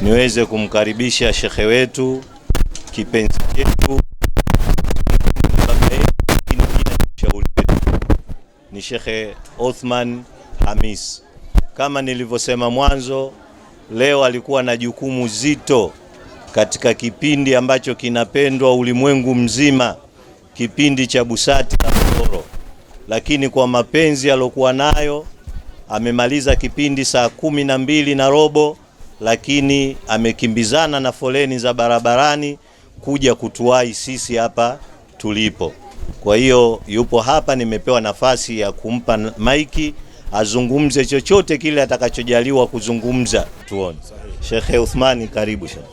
niweze kumkaribisha shekhe wetu kipenzi chetu ni Shekhe Othman Hamis. Kama nilivyosema mwanzo, leo alikuwa na jukumu zito katika kipindi ambacho kinapendwa ulimwengu mzima, kipindi cha busati na mtoro, lakini kwa mapenzi aliyokuwa nayo amemaliza kipindi saa kumi na mbili na robo lakini amekimbizana na foleni za barabarani kuja kutuwahi sisi hapa tulipo. Kwa hiyo yupo hapa, nimepewa nafasi ya kumpa maiki azungumze chochote kile atakachojaliwa kuzungumza. Tuone Shekhe Uthmani, karibu shekhe.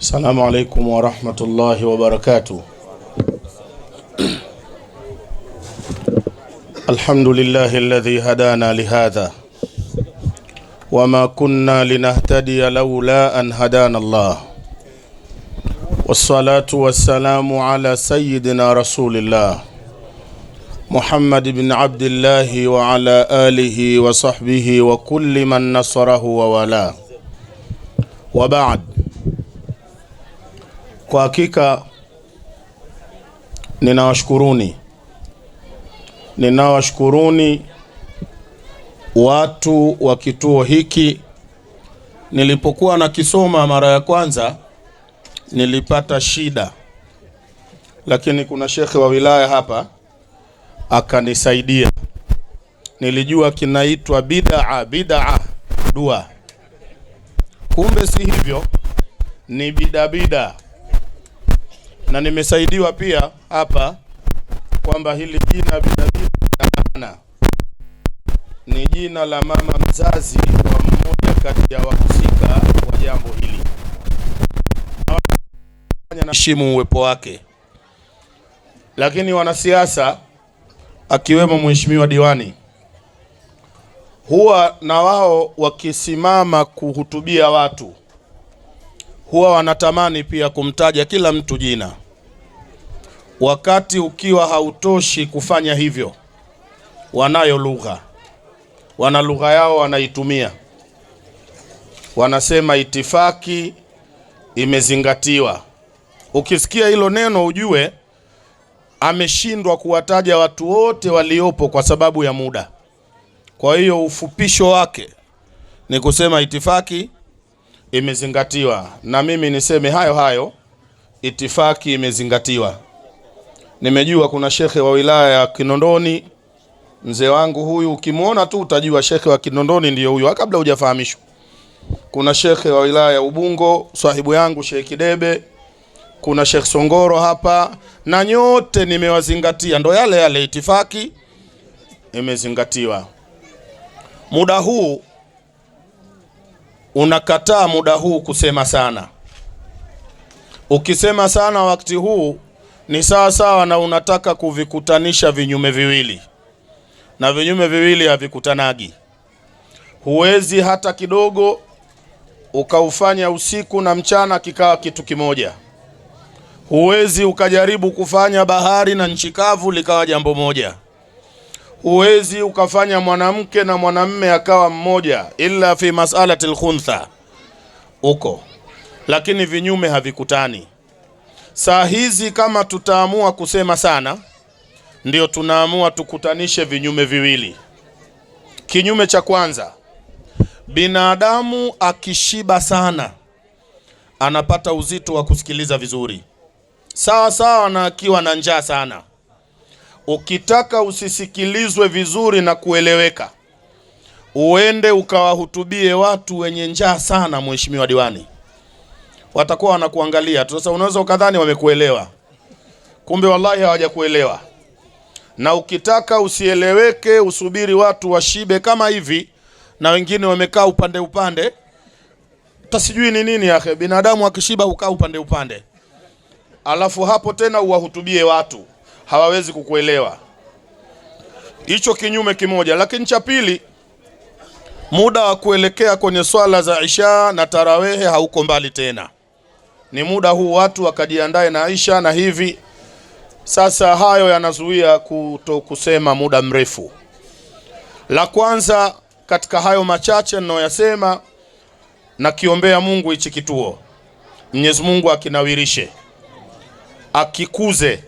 Assalamu alaikum warahmatullahi wabarakatuh. الحمد لله الذي هدانا لهذا وما كنا لنهتدي لولا أن هدانا الله والصلاة والسلام على سيدنا رسول الله محمد بن عبد الله وعلى آله وصحبه وكل من نصره وولاه وبعد kwa hakika ninawashukuruni ninawashukuruni watu wa kituo hiki. Nilipokuwa nakisoma mara ya kwanza nilipata shida, lakini kuna shekhe wa wilaya hapa akanisaidia. Nilijua kinaitwa bidaa, bidaa dua, kumbe si hivyo, ni bidabida bida. Na nimesaidiwa pia hapa kwamba hili jina bida ni jina la mama mzazi wa mmoja kati ya wahusika wa jambo hili. Heshimu uwepo wake, lakini wanasiasa akiwemo mheshimiwa diwani huwa na wao wakisimama kuhutubia watu huwa wanatamani pia kumtaja kila mtu jina, wakati ukiwa hautoshi kufanya hivyo wanayo lugha, wana lugha yao, wanaitumia, wanasema itifaki imezingatiwa. Ukisikia hilo neno ujue ameshindwa kuwataja watu wote waliopo kwa sababu ya muda. Kwa hiyo ufupisho wake ni kusema itifaki imezingatiwa, na mimi niseme hayo hayo, itifaki imezingatiwa. Nimejua kuna shekhe wa wilaya ya Kinondoni Mzee wangu huyu ukimwona tu utajua shekhe wa Kinondoni ndiyo huyo, kabla hujafahamishwa. Kuna shekhe wa wilaya ya Ubungo, swahibu yangu Sheikh Kidebe, kuna Sheikh Songoro hapa, na nyote nimewazingatia, ndo yale yale, itifaki imezingatiwa. Muda huu unakataa, muda huu kusema sana. Ukisema sana wakati huu ni sawa sawa na unataka kuvikutanisha vinyume viwili na vinyume viwili havikutanagi. Huwezi hata kidogo ukaufanya usiku na mchana kikawa kitu kimoja. Huwezi ukajaribu kufanya bahari na nchi kavu likawa jambo moja. Huwezi ukafanya mwanamke na mwanamme akawa mmoja, illa fi masalati lkhuntha uko, lakini vinyume havikutani. Saa hizi kama tutaamua kusema sana ndio tunaamua tukutanishe vinyume viwili. Kinyume cha kwanza, binadamu akishiba sana anapata uzito wa kusikiliza vizuri, sawa sawa na akiwa na njaa sana. Ukitaka usisikilizwe vizuri na kueleweka, uende ukawahutubie watu wenye njaa sana, mheshimiwa diwani, watakuwa wanakuangalia tu. Sasa unaweza ukadhani wamekuelewa, kumbe wallahi hawajakuelewa na ukitaka usieleweke, usubiri watu washibe kama hivi, na wengine wamekaa upande upande, tasijui ni nini yake. Binadamu akishiba ukaa upande upande, alafu hapo tena uwahutubie watu, hawawezi kukuelewa. Hicho kinyume kimoja. Lakini cha pili, muda wa kuelekea kwenye swala za isha na tarawehe hauko mbali tena, ni muda huu watu wakajiandae na isha na hivi sasa hayo yanazuia kuto kusema muda mrefu. La kwanza katika hayo machache ninayoyasema, na kiombea Mungu hichi kituo, Mwenyezi Mungu akinawirishe, akikuze,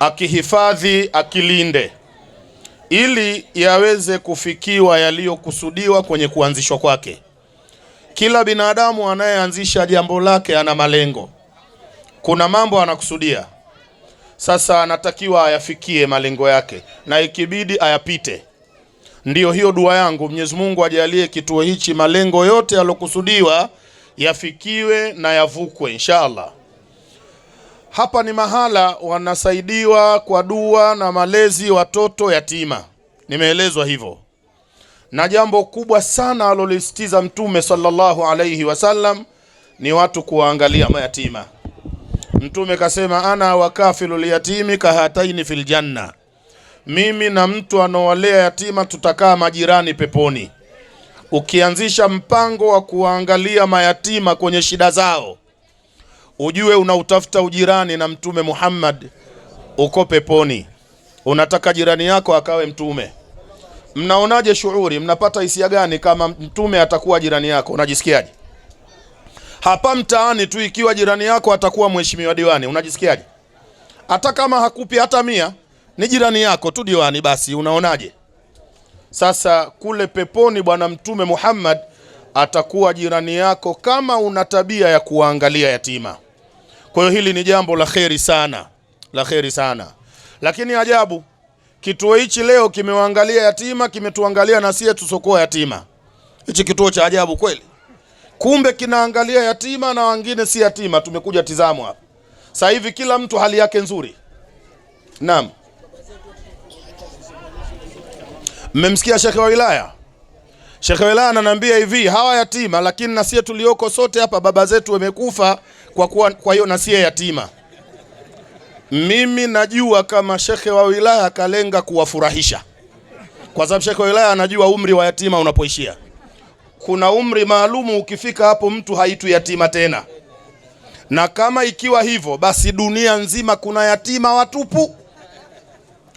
akihifadhi, akilinde ili yaweze kufikiwa yaliyokusudiwa kwenye kuanzishwa kwake. Kila binadamu anayeanzisha jambo lake ana malengo, kuna mambo anakusudia sasa anatakiwa ayafikie malengo yake na ikibidi ayapite. Ndiyo hiyo dua yangu, Mwenyezi Mungu ajalie kituo hichi malengo yote yalokusudiwa yafikiwe na yavukwe insha Allah. Hapa ni mahala wanasaidiwa kwa dua na malezi watoto yatima, nimeelezwa hivyo, na jambo kubwa sana alolisitiza Mtume sallallahu alaihi wasallam ni watu kuwaangalia mayatima. Mtume kasema ana wakafilu liyatimi kahataini fil janna, mimi na mtu anaowalea yatima tutakaa majirani peponi. Ukianzisha mpango wa kuangalia mayatima kwenye shida zao, ujue unautafuta ujirani na Mtume Muhammad, uko peponi. Unataka jirani yako akawe mtume. Mnaonaje shuhuri? Mnapata hisia gani kama mtume atakuwa jirani yako? Unajisikiaje? hapa mtaani tu, ikiwa jirani yako atakuwa mheshimiwa diwani, unajisikiaje? Hata kama hakupi hata mia, ni jirani yako tu diwani, basi unaonaje? Sasa kule peponi Bwana Mtume Muhammad atakuwa jirani yako kama una tabia ya kuwaangalia yatima. Kwa hiyo hili ni jambo la kheri sana, la kheri sana. Lakini ajabu, kituo hichi leo kimewaangalia yatima, kimetuangalia na sisi tusokoa yatima. Hichi kituo cha ajabu kweli kumbe kinaangalia yatima na wengine si yatima. Tumekuja tizamwa hapa sasa hivi, kila mtu hali yake nzuri. Naam, mmemsikia shekhe wa wilaya. Shekhe wa wilaya ananiambia hivi, hawa yatima, lakini na sie tulioko sote hapa baba zetu wamekufa kwa kuwa, kwa hiyo na sie yatima. Mimi najua kama shekhe wa wilaya akalenga kuwafurahisha, kwa sababu shekhe wa wilaya anajua umri wa yatima unapoishia kuna umri maalumu, ukifika hapo mtu haitu yatima tena. Na kama ikiwa hivyo, basi dunia nzima kuna yatima watupu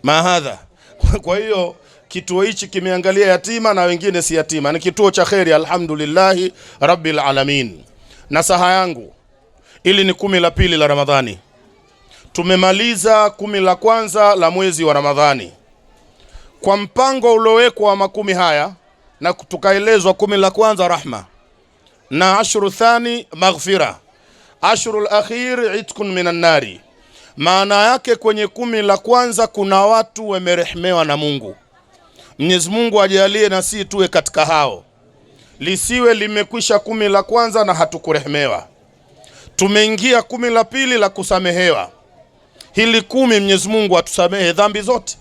mahadha. Kwa hiyo kituo hichi kimeangalia yatima na wengine si yatima, ni kituo cha kheri. Alhamdulillahi rabbil alamin. Na saha yangu ili ni kumi la pili la Ramadhani. Tumemaliza kumi la kwanza la mwezi wa Ramadhani kwa mpango uliowekwa wa makumi haya na tukaelezwa kumi la kwanza rahma, na ashru thani maghfira, ashru lakhir itkun minan nari. Maana yake kwenye kumi la kwanza kuna watu wamerehemewa na Mungu. Mwenyezi Mungu ajalie na si tuwe katika hao, lisiwe limekwisha kumi la kwanza na hatukurehemewa, tumeingia kumi la pili la kusamehewa. Hili kumi Mwenyezi Mungu atusamehe dhambi zote,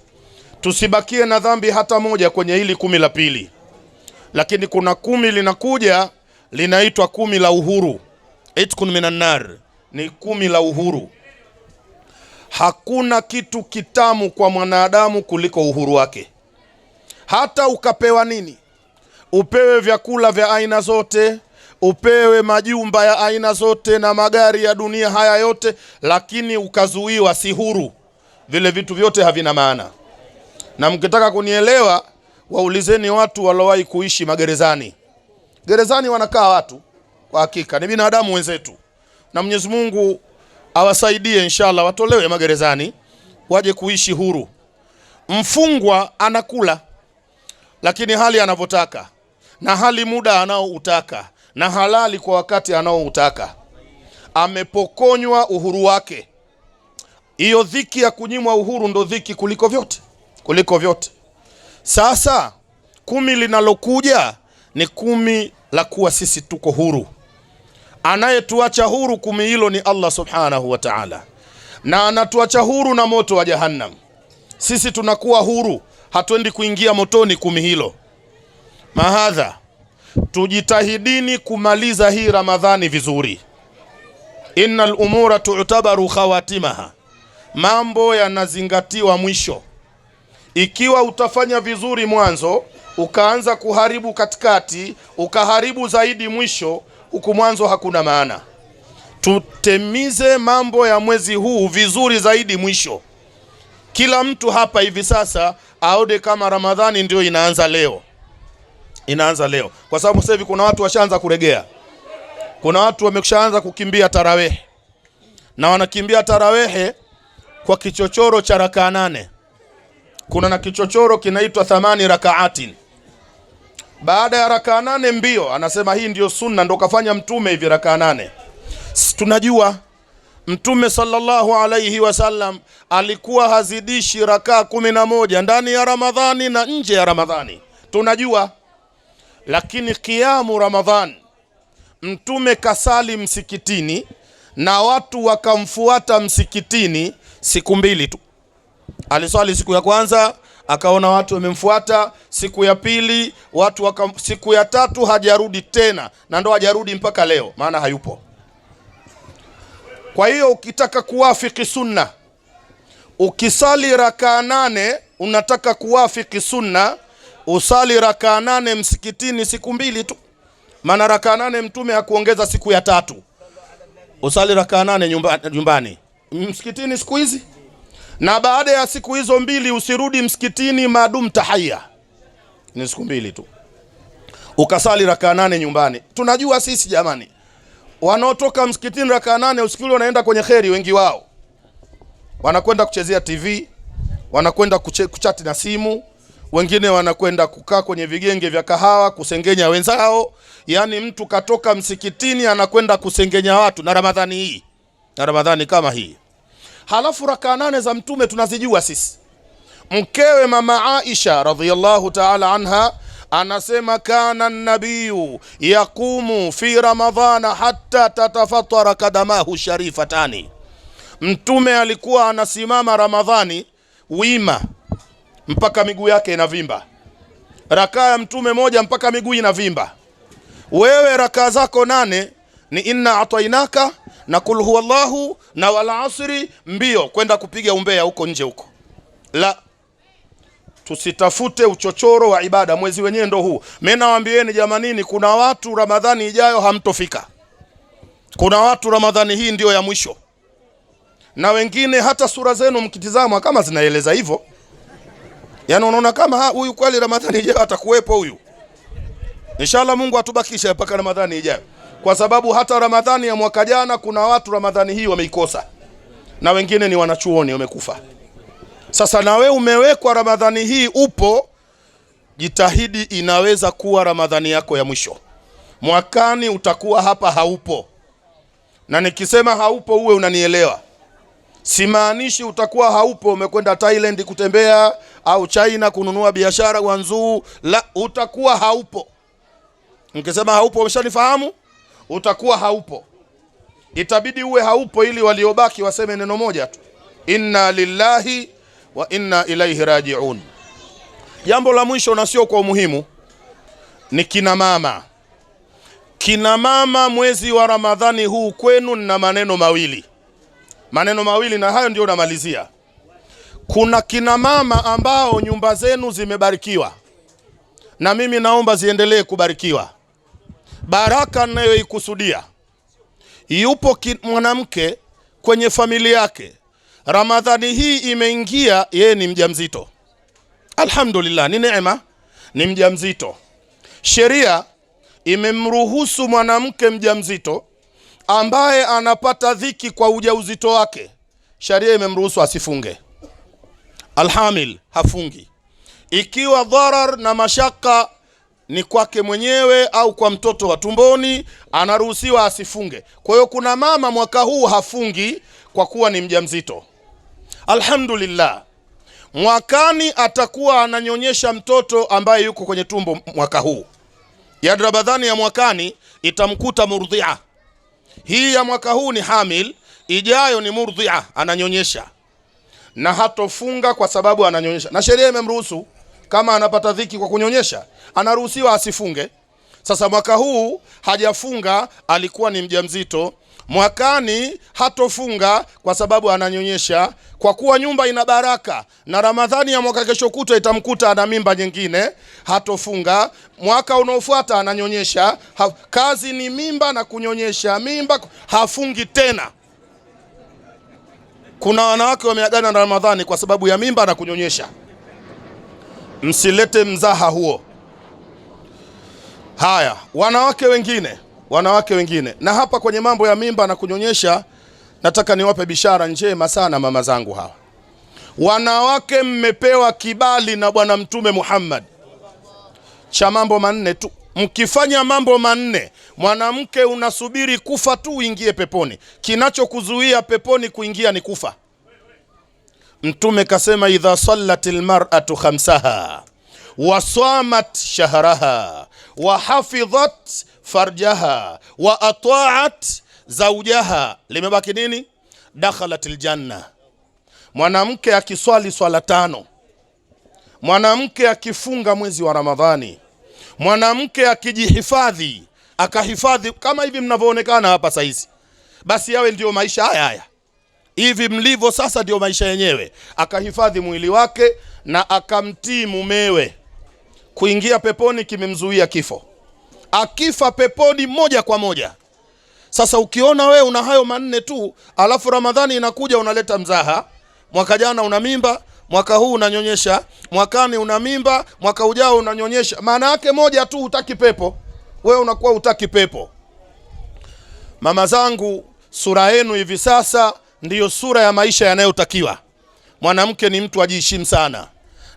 tusibakie na dhambi hata moja kwenye hili kumi la pili lakini kuna kumi linakuja linaitwa kumi la uhuru, itkun minan ni kumi la uhuru. Hakuna kitu kitamu kwa mwanadamu kuliko uhuru wake. Hata ukapewa nini, upewe vyakula vya aina zote, upewe majumba ya aina zote na magari ya dunia haya yote, lakini ukazuiwa, si huru. Vile vitu vyote havina maana, na mkitaka kunielewa Waulizeni watu walowahi kuishi magerezani. Gerezani wanakaa watu kwa hakika ni binadamu wenzetu, na Mwenyezi Mungu awasaidie inshallah, watolewe magerezani waje kuishi huru. Mfungwa anakula lakini hali anavyotaka na hali muda anaoutaka na halali kwa wakati anaoutaka, amepokonywa uhuru wake. Hiyo dhiki ya kunyimwa uhuru ndo dhiki kuliko vyote, kuliko vyote. Sasa kumi linalokuja ni kumi la kuwa sisi tuko huru. Anayetuacha huru kumi hilo ni Allah subhanahu wa ta'ala, na anatuacha huru na moto wa Jahannam. Sisi tunakuwa huru, hatuendi kuingia motoni kumi hilo. Mahadha, tujitahidini kumaliza hii Ramadhani vizuri. Innal umura tu'tabaru khawatimaha, mambo yanazingatiwa mwisho ikiwa utafanya vizuri mwanzo, ukaanza kuharibu katikati, ukaharibu zaidi mwisho, huku mwanzo hakuna maana. Tutemize mambo ya mwezi huu vizuri zaidi mwisho. Kila mtu hapa hivi sasa aode kama Ramadhani ndio inaanza leo, inaanza leo, kwa sababu sasa hivi kuna watu washaanza kuregea, kuna watu wameshaanza kukimbia tarawehe na wanakimbia tarawehe kwa kichochoro cha rakaa nane kuna na kichochoro kinaitwa thamani rakaatin. Baada ya rakaa nane mbio, anasema hii ndio sunna, ndo kafanya mtume hivi rakaa nane. Tunajua mtume sallallahu alaihi wasallam alikuwa hazidishi rakaa kumi na moja ndani ya Ramadhani na nje ya Ramadhani, tunajua lakini kiamu Ramadhani mtume kasali msikitini na watu wakamfuata msikitini siku mbili tu. Aliswali siku ya kwanza akaona watu wamemfuata, siku ya pili watu waka, siku ya tatu hajarudi tena, na ndo hajarudi mpaka leo, maana hayupo. Kwa hiyo ukitaka kuwafiki sunna, ukisali rakaa nane unataka kuwafiki sunna, usali rakaa nane msikitini siku mbili tu, maana rakaa nane Mtume hakuongeza siku ya tatu. Usali rakaa nane nyumbani, msikitini siku hizi na baada ya siku hizo mbili usirudi msikitini maadum tahaya, ni siku mbili tu, ukasali rakaa nane nyumbani. Tunajua sisi jamani, wanaotoka msikitini rakaa nane usiku wanaenda kwenye kheri, wengi wao wanakwenda kuchezea TV, wanakwenda kuchati na simu, wengine wanakwenda kukaa kwenye vigenge vya kahawa kusengenya wenzao. Yaani mtu katoka msikitini anakwenda kusengenya watu, na Ramadhani hii na Ramadhani kama hii Halafu rakaa nane za mtume tunazijua sisi. Mkewe mama Aisha radhiyallahu ta'ala anha anasema kana nabiyu yaqumu fi ramadhana hatta tatafatara kadamahu sharifatani, mtume alikuwa anasimama Ramadhani wima mpaka miguu yake inavimba. Rakaa ya mtume moja mpaka miguu inavimba. Wewe rakaa zako nane ni inna atainaka na kul huwa Allahu na wal asri, mbio kwenda kupiga umbea huko nje huko. La, tusitafute uchochoro wa ibada, mwezi wenyewe ndo huu. Mimi nawaambieni jamanini, kuna watu Ramadhani ijayo hamtofika. Kuna watu Ramadhani hii ndiyo ya mwisho, na wengine hata sura zenu mkitizama kama zinaeleza hivyo, yaani unaona kama huyu kweli Ramadhani ijayo atakuwepo huyu. Inshallah Mungu atubakishe mpaka Ramadhani ijayo kwa sababu hata Ramadhani ya mwaka jana kuna watu Ramadhani hii wameikosa, na wengine ni wanachuoni wamekufa. Sasa na we umewekwa Ramadhani hii upo, jitahidi, inaweza kuwa Ramadhani yako ya mwisho. Mwakani utakuwa hapa haupo, na nikisema haupo uwe unanielewa. Simaanishi utakuwa haupo umekwenda Thailand kutembea au China kununua biashara wanzuu la, utakuwa haupo. Nikisema haupo umeshanifahamu utakuwa haupo, itabidi uwe haupo ili waliobaki waseme neno moja tu, inna lillahi wa inna ilaihi rajiun. Jambo la mwisho na sio kwa umuhimu ni kina mama. Kina mama, mwezi wa Ramadhani huu kwenu na maneno mawili, maneno mawili, na hayo ndio namalizia. Kuna kina mama ambao nyumba zenu zimebarikiwa, na mimi naomba ziendelee kubarikiwa baraka ninayoikusudia yupo mwanamke kwenye familia yake, Ramadhani hii imeingia, yeye ni mjamzito. Alhamdulillah, ni neema, ni mjamzito. Sheria imemruhusu mwanamke mjamzito ambaye anapata dhiki kwa ujauzito wake, sheria imemruhusu asifunge. Alhamil hafungi ikiwa dharar na mashaka ni kwake mwenyewe au kwa mtoto wa tumboni, anaruhusiwa asifunge. Kwa hiyo kuna mama mwaka huu hafungi kwa kuwa ni mjamzito. Alhamdulillah, mwakani atakuwa ananyonyesha mtoto ambaye yuko kwenye tumbo mwaka huu. ya Ramadhani ya mwakani itamkuta murdhia. Hii ya mwaka huu ni hamil, ijayo ni murdhia, ananyonyesha, na hatofunga kwa sababu ananyonyesha na sheria imemruhusu. Kama anapata dhiki kwa kunyonyesha, anaruhusiwa asifunge. Sasa mwaka huu hajafunga, alikuwa ni mjamzito. Mwakani hatofunga kwa sababu ananyonyesha. Kwa kuwa nyumba ina baraka na Ramadhani ya mwaka kesho kutwa itamkuta ana mimba nyingine, hatofunga. Mwaka unaofuata ananyonyesha, ha, kazi ni mimba na kunyonyesha mimba, hafungi tena. Kuna wanawake wameagana na Ramadhani kwa sababu ya mimba na kunyonyesha msilete mzaha huo. Haya, wanawake wengine, wanawake wengine. Na hapa kwenye mambo ya mimba na kunyonyesha, nataka niwape bishara njema sana mama zangu hawa. Wanawake mmepewa kibali na Bwana Mtume Muhammad cha mambo manne tu. Mkifanya mambo manne, mwanamke unasubiri kufa tu uingie peponi. Kinachokuzuia peponi kuingia ni kufa. Mtume kasema, idha sallat lmaratu khamsaha wasamat shahraha wahafidhat farjaha wa ataat zaujaha, limebaki nini? Dakhalat ljanna. Mwanamke akiswali swala tano, mwanamke akifunga mwezi wa Ramadhani, mwanamke akijihifadhi akahifadhi kama hivi mnavyoonekana hapa saizi, basi yawe ndiyo maisha haya haya hivi mlivyo sasa ndio maisha yenyewe. Akahifadhi mwili wake na akamtii mumewe. Kuingia peponi kimemzuia kifo, akifa peponi moja kwa moja. Sasa ukiona we una hayo manne tu, alafu Ramadhani inakuja unaleta mzaha. Mwaka jana una mimba, mwaka huu unanyonyesha, mwakani una mimba, mwaka ujao unanyonyesha. Maana yake moja tu, hutaki pepo wewe, unakuwa hutaki pepo. Mama zangu, sura yenu hivi sasa ndiyo sura ya maisha yanayotakiwa. Mwanamke ni mtu ajiheshimu sana,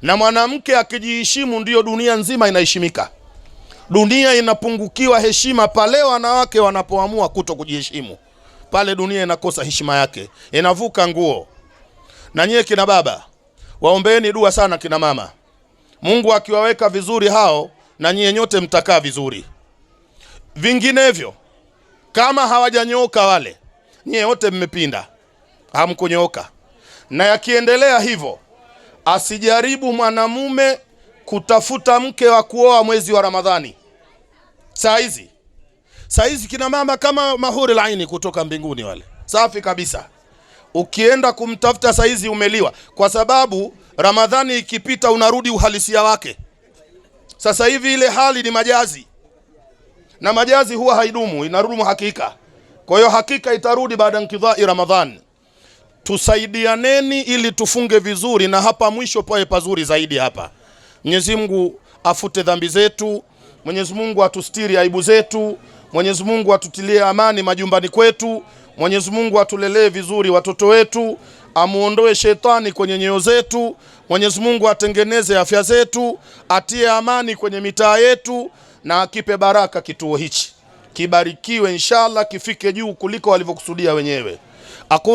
na mwanamke akijiheshimu, ndiyo dunia nzima inaheshimika. Dunia inapungukiwa heshima pale wanawake wanapoamua kuto kujiheshimu, pale dunia inakosa heshima yake, inavuka nguo. Na nyie kina baba, waombeeni dua sana kina mama. Mungu akiwaweka vizuri hao, na nyie nyote mtakaa vizuri. Vinginevyo, kama hawajanyooka wale, nyie wote mmepinda hamkunyoka. Na yakiendelea hivyo, asijaribu mwanamume kutafuta mke wa kuoa mwezi wa Ramadhani. Saa hizi saa hizi kina mama kama mahuri laini kutoka mbinguni, wale safi kabisa. Ukienda kumtafuta saa hizi umeliwa, kwa sababu Ramadhani ikipita unarudi uhalisia wake. Sasa hivi ile hali ni majazi, na majazi huwa haidumu, inadumu hakika. Kwa hiyo hakika itarudi baada ya nkidhai Ramadhani. Tusaidianeni ili tufunge vizuri na hapa mwisho pawe pazuri zaidi. Hapa Mwenyezi Mungu afute dhambi zetu, Mwenyezi Mungu atustiri aibu zetu, Mwenyezi Mungu atutilie amani majumbani kwetu, Mwenyezi Mungu atulelee vizuri watoto wetu, amuondoe shetani kwenye nyoyo zetu, Mwenyezi Mungu atengeneze afya zetu, atie amani kwenye mitaa yetu na akipe baraka kituo hichi, kibarikiwe inshallah, kifike juu kuliko walivyokusudia wenyewe Akulu